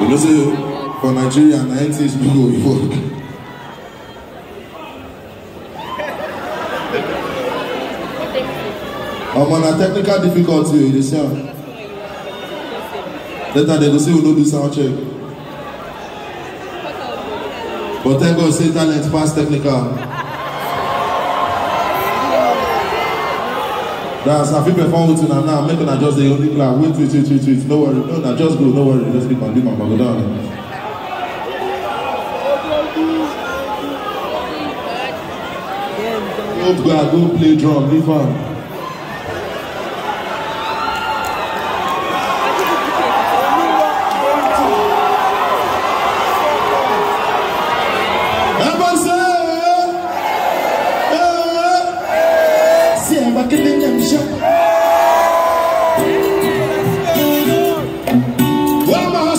You know, say for Nigeria, 90 is big Oyibo. Omo na technical difficulty you dey see am. Later dem go say we no do sound check. But thank God say talent pass technical. That's I fit perform with you now. Make una just the only clap. Wait, wait, wait, wait, wait. No worry. No, na just go. No worry. Just keep on, keep on, go down. Go back. Go play drum. Leave am.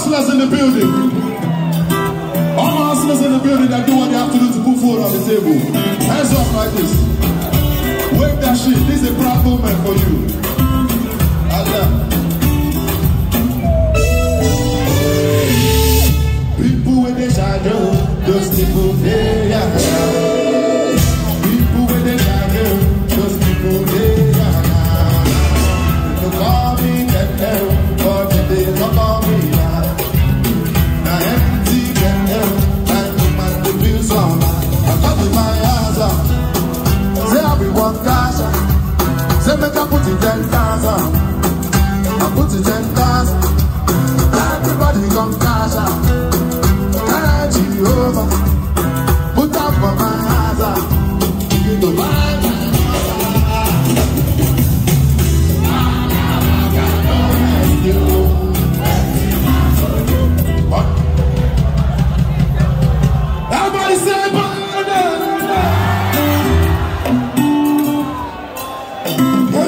hustlers in the building. All my hustlers in the building that do what they have to do to put food on the table. Hands up like this. Wave that shit. This is a proud moment for you. People in the shadow, those people, they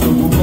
the world.